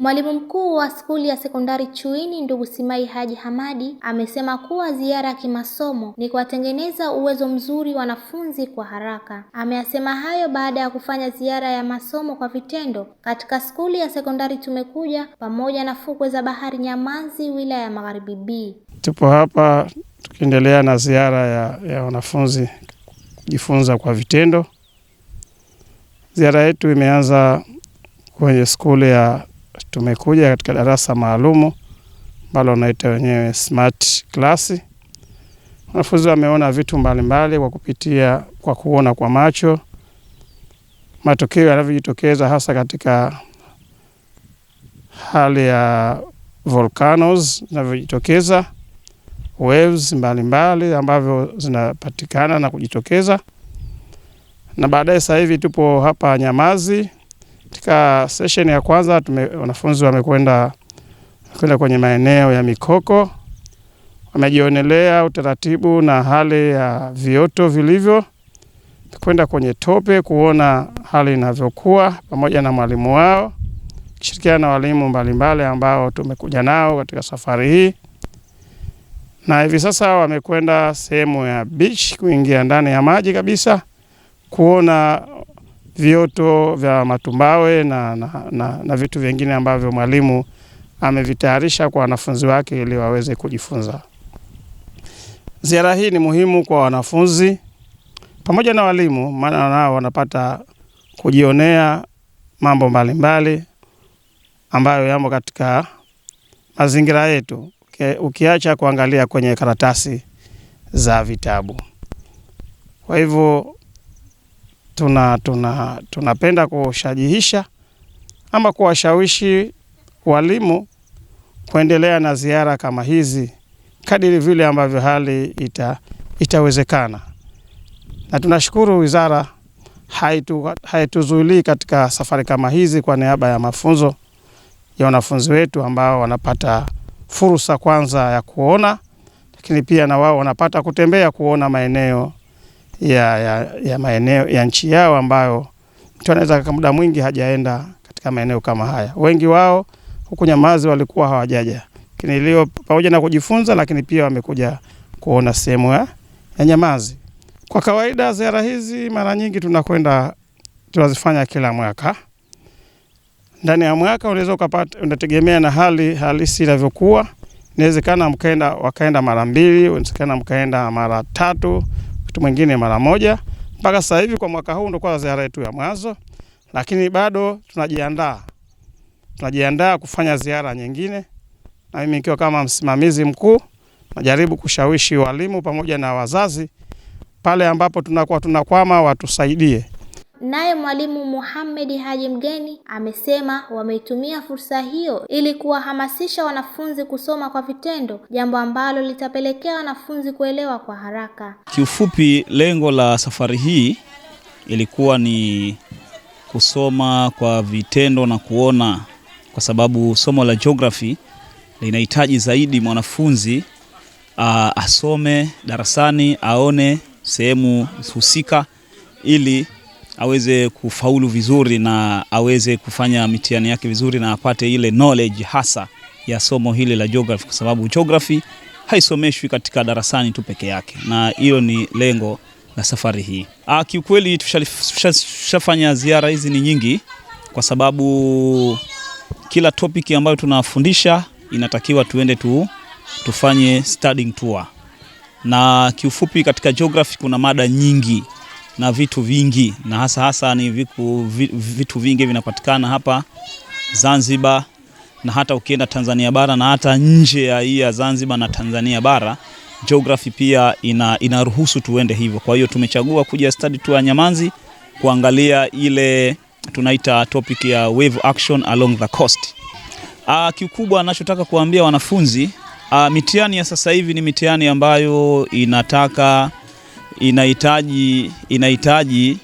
Mwalimu mkuu wa skuli ya sekondari Chuini, ndugu Simai Haji Hamadi, amesema kuwa ziara ya kimasomo ni kuwatengeneza uwezo mzuri wanafunzi kwa haraka. Ameyasema hayo baada ya kufanya ziara ya masomo kwa vitendo katika skuli ya sekondari Tumekuja pamoja na fukwe za bahari Nyamanzi, wilaya ya Magharibi B. Tupo hapa tukiendelea na ziara ya, ya wanafunzi kujifunza kwa vitendo. Ziara yetu imeanza kwenye skuli ya Tumekuja katika darasa maalumu ambalo unaita wenyewe smart class. Wanafunzi wameona vitu mbalimbali kwa kupitia kwa kuona kwa macho, matokeo yanavyojitokeza hasa katika hali ya volcanoes zinavyojitokeza, waves mbalimbali ambavyo zinapatikana na kujitokeza, na baadaye sasa hivi tupo hapa Nyamazi katika session ya kwanza tume, wanafunzi wamekwenda kwenda kwenye maeneo ya mikoko, wamejionelea utaratibu na hali ya vioto vilivyo, kwenda kwenye tope kuona hali inavyokuwa pamoja na mwalimu wao, kushirikiana na walimu mbalimbali ambao tumekuja nao katika safari hii, na hivi sasa wamekwenda sehemu ya beach kuingia ndani ya maji kabisa kuona vioto vya matumbawe na, na, na, na vitu vingine ambavyo mwalimu amevitayarisha kwa wanafunzi wake ili waweze kujifunza. Ziara hii ni muhimu kwa wanafunzi pamoja na walimu, maana nao wanapata kujionea mambo mbalimbali mbali ambayo yamo katika mazingira yetu ukiacha kuangalia kwenye karatasi za vitabu. Kwa hivyo tuna, tuna, tunapenda kushajihisha ama kuwashawishi walimu kuendelea na ziara kama hizi kadiri vile ambavyo hali ita, itawezekana. Na tunashukuru wizara haituzuilii katika safari kama hizi kwa niaba ya mafunzo ya wanafunzi wetu ambao wanapata fursa kwanza ya kuona, lakini pia na wao wanapata kutembea kuona maeneo ya, ya, ya maeneo ya nchi yao ambayo mtu anaweza kwa muda mwingi hajaenda katika maeneo kama haya. Wengi wao huku Nyamazi walikuwa hawajaja, lakini leo pamoja na kujifunza, lakini pia wamekuja kuona sehemu ya Nyamazi. Kwa kawaida ziara hizi mara nyingi tunakwenda tunazifanya kila mwaka. Ndani ya mwaka unaweza ukapata, unategemea na hali halisi inavyokuwa. Inawezekana mkaenda wakaenda mara mbili, inawezekana mkaenda mara tatu mwingine mara moja. Mpaka sasa hivi kwa mwaka huu ndo kwa ziara yetu ya mwanzo, lakini bado tunajiandaa, tunajiandaa kufanya ziara nyingine, na mimi nikiwa kama msimamizi mkuu najaribu kushawishi walimu pamoja na wazazi pale ambapo tunakuwa tunakwama watusaidie. Naye mwalimu Muhammad Haji Mgeni amesema wameitumia fursa hiyo ili kuwahamasisha wanafunzi kusoma kwa vitendo, jambo ambalo litapelekea wanafunzi kuelewa kwa haraka. Kiufupi, lengo la safari hii ilikuwa ni kusoma kwa vitendo na kuona, kwa sababu somo la geography linahitaji zaidi mwanafunzi asome darasani, aone sehemu husika ili aweze kufaulu vizuri na aweze kufanya mitihani yake vizuri na apate ile knowledge hasa ya somo hili la geography, kwa sababu geography haisomeshwi katika darasani tu peke yake, na hiyo ni lengo la safari hii. Ah, kiukweli tushafanya ziara hizi ni nyingi, kwa sababu kila topic ambayo tunafundisha inatakiwa tuende tu tufanye studying tour, na kiufupi katika geography kuna mada nyingi na vitu vingi, na hasa hasa ni viku, vitu vingi vinapatikana hapa Zanzibar na hata ukienda Tanzania bara na hata nje ya hii ya Zanzibar na Tanzania bara, geography pia ina inaruhusu tuende hivyo. Kwa hiyo tumechagua kuja study tour ya Nyamanzi kuangalia ile tunaita topic ya wave action along the coast. Ah, kikubwa anachotaka kuambia wanafunzi, ah, mitihani ya sasa hivi ni mitihani ambayo inataka inahitaji inahitaji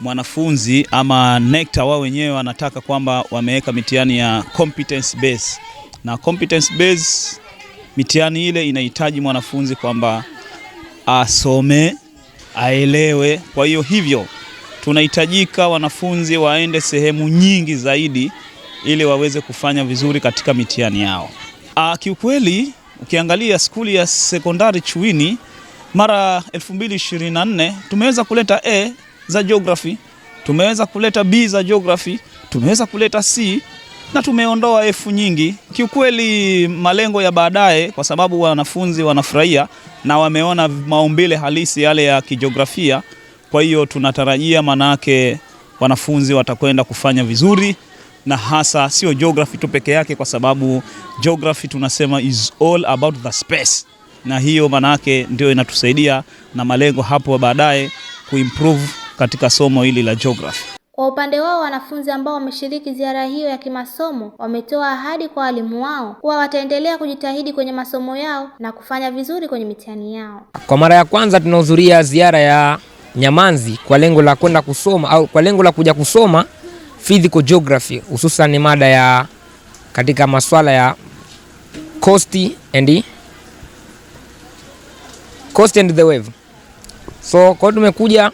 mwanafunzi ama NECTA wao wenyewe wanataka kwamba wameweka mitihani ya competence base, na competence base mitihani ile inahitaji mwanafunzi kwamba asome aelewe. Kwa hiyo hivyo tunahitajika wanafunzi waende sehemu nyingi zaidi ili waweze kufanya vizuri katika mitihani yao. Ah, kiukweli ukiangalia skuli ya sekondari Chuini mara 2024 tumeweza kuleta A za geography, tumeweza kuleta B za geography, tumeweza kuleta C na tumeondoa F nyingi. Kiukweli malengo ya baadaye, kwa sababu wanafunzi wanafurahia na wameona maumbile halisi yale ya kijiografia. Kwa hiyo tunatarajia, manake wanafunzi watakwenda kufanya vizuri, na hasa sio geography tu peke yake, kwa sababu geography tunasema is all about the space na hiyo maanake ndio inatusaidia na malengo hapo baadaye kuimprove katika somo hili la geography. Kwa upande wao wanafunzi ambao wameshiriki ziara hiyo ya kimasomo wametoa ahadi kwa walimu wao kuwa wataendelea kujitahidi kwenye masomo yao na kufanya vizuri kwenye mitihani yao. Kwa mara ya kwanza tunahudhuria ziara ya Nyamanzi kwa lengo la kwenda kusoma au kwa lengo la kuja kusoma physical geography, hususan mada ya katika masuala ya coast and Coast and the Wave. So kwa tumekuja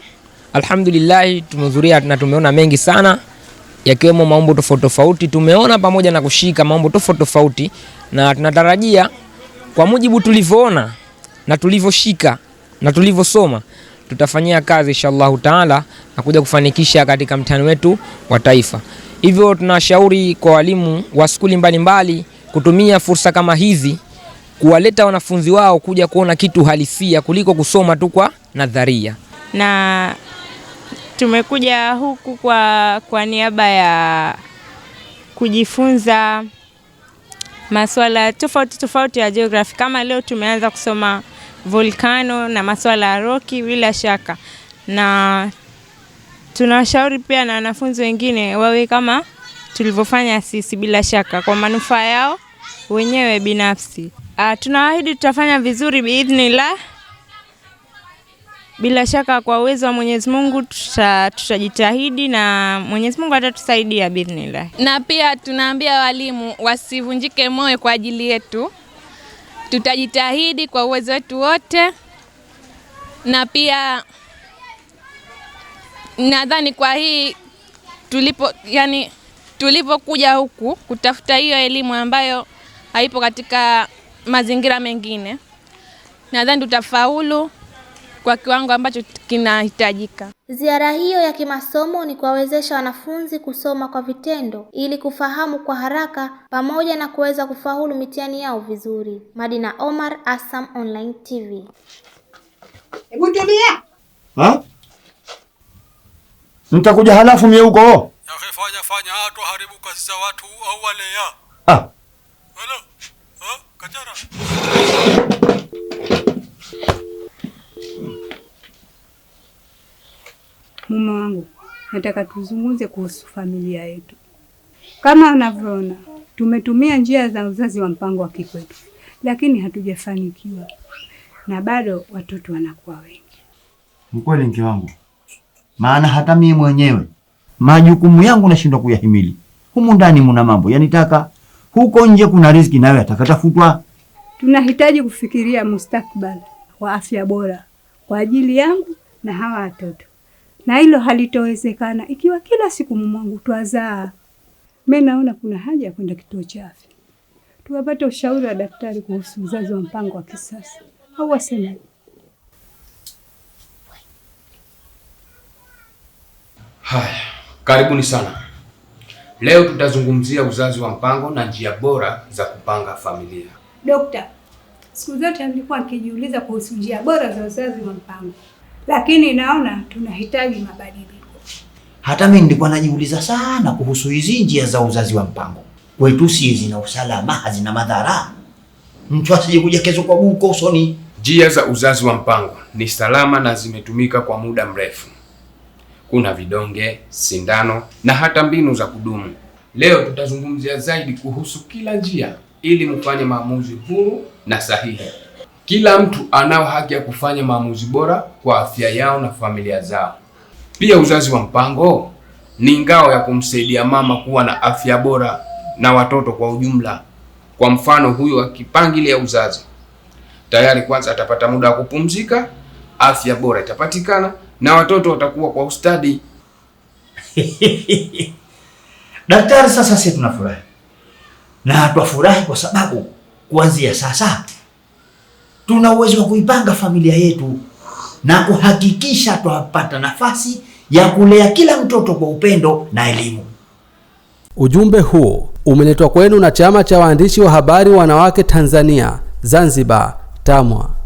alhamdulillah, tumehudhuria na tumeona mengi sana yakiwemo maumbo tofauti tofauti, tumeona pamoja na kushika maumbo tofauti tofauti, na tunatarajia kwa mujibu tulivyoona na tulivyoshika na tulivyosoma tutafanyia kazi inshallah taala na kuja kufanikisha katika mtihani wetu wa taifa. Hivyo tunashauri kwa walimu wa skuli mbalimbali kutumia fursa kama hizi kuwaleta wanafunzi wao kuja kuona kitu halisia kuliko kusoma tu kwa nadharia. Na tumekuja huku kwa, kwa niaba ya kujifunza masuala tofauti tofauti ya geography. Kama leo tumeanza kusoma volcano na masuala ya roki bila shaka, na tunashauri pia na wanafunzi wengine wawe kama tulivyofanya sisi, bila shaka kwa manufaa yao wenyewe binafsi. Uh, tunaahidi tutafanya vizuri biidhnillah. Bila shaka kwa uwezo wa Mwenyezi Mungu tutajitahidi tuta na Mwenyezi Mungu atatusaidia biidhnillah. Na pia tunaambia walimu wasivunjike moyo kwa ajili yetu, tutajitahidi kwa uwezo wetu wote, na pia nadhani kwa hii tulipo, yani tulipokuja huku kutafuta hiyo elimu ambayo haipo katika mazingira mengine, nadhani tutafaulu kwa kiwango ambacho kinahitajika. Ziara hiyo ya kimasomo ni kuwawezesha wanafunzi kusoma kwa vitendo ili kufahamu kwa haraka pamoja na kuweza kufaulu mitihani yao vizuri. Madina Omar, Asam Online TV. Hebu tumia. Ha? Mtakuja halafu mie huko. Fanya fanya, haribu kazi za watu au wale ya. Ah. Kaçarım. Mume wangu, nataka tuzungumze kuhusu familia yetu. Kama unavyoona, tumetumia njia za uzazi wa mpango wa kikwetu, lakini hatujafanikiwa na bado watoto wanakuwa wengi. Mkweli mke wangu, maana hata mimi mwenyewe majukumu yangu nashindwa kuyahimili. Humu ndani muna mambo yanitaka huko nje kuna riziki nayo yatakatafutwa Tunahitaji kufikiria mustakbal wa afya bora kwa ajili yangu na hawa watoto, na hilo halitowezekana ikiwa kila siku mwangu twazaa. Mimi naona kuna haja ya kwenda kituo cha afya tuwapate ushauri wa daktari kuhusu uzazi wa mpango wa kisasa, au waseme Haya, karibuni sana. Leo tutazungumzia uzazi wa mpango na njia bora za kupanga familia. Dokta, siku zote nilikuwa nikijiuliza kuhusu njia bora za uzazi wa mpango, lakini naona tunahitaji mabadiliko. Hata mimi nilikuwa najiuliza sana kuhusu hizi njia za uzazi wa mpango kwetu, si zina usalama, hazina madhara, mtu asije kuja kesho kwa buko usoni. Njia za uzazi wa mpango ni salama na zimetumika kwa muda mrefu kuna vidonge, sindano na hata mbinu za kudumu. Leo tutazungumzia zaidi kuhusu kila njia ili mfanye maamuzi huru na sahihi. Kila mtu anao haki ya kufanya maamuzi bora kwa afya yao na familia zao. Pia uzazi wa mpango ni ngao ya kumsaidia mama kuwa na afya bora na watoto kwa ujumla. Kwa mfano, huyu akipangilia uzazi tayari, kwanza atapata muda wa kupumzika, afya bora itapatikana na watoto watakuwa kwa ustadi. Daktari, sasa sisi tunafurahi na twafurahi kwa sababu kuanzia sasa tuna uwezo wa kuipanga familia yetu na kuhakikisha twapata nafasi ya kulea kila mtoto kwa upendo na elimu. Ujumbe huo umeletwa kwenu na Chama cha Waandishi wa Habari Wanawake Tanzania Zanzibar, TAMWA.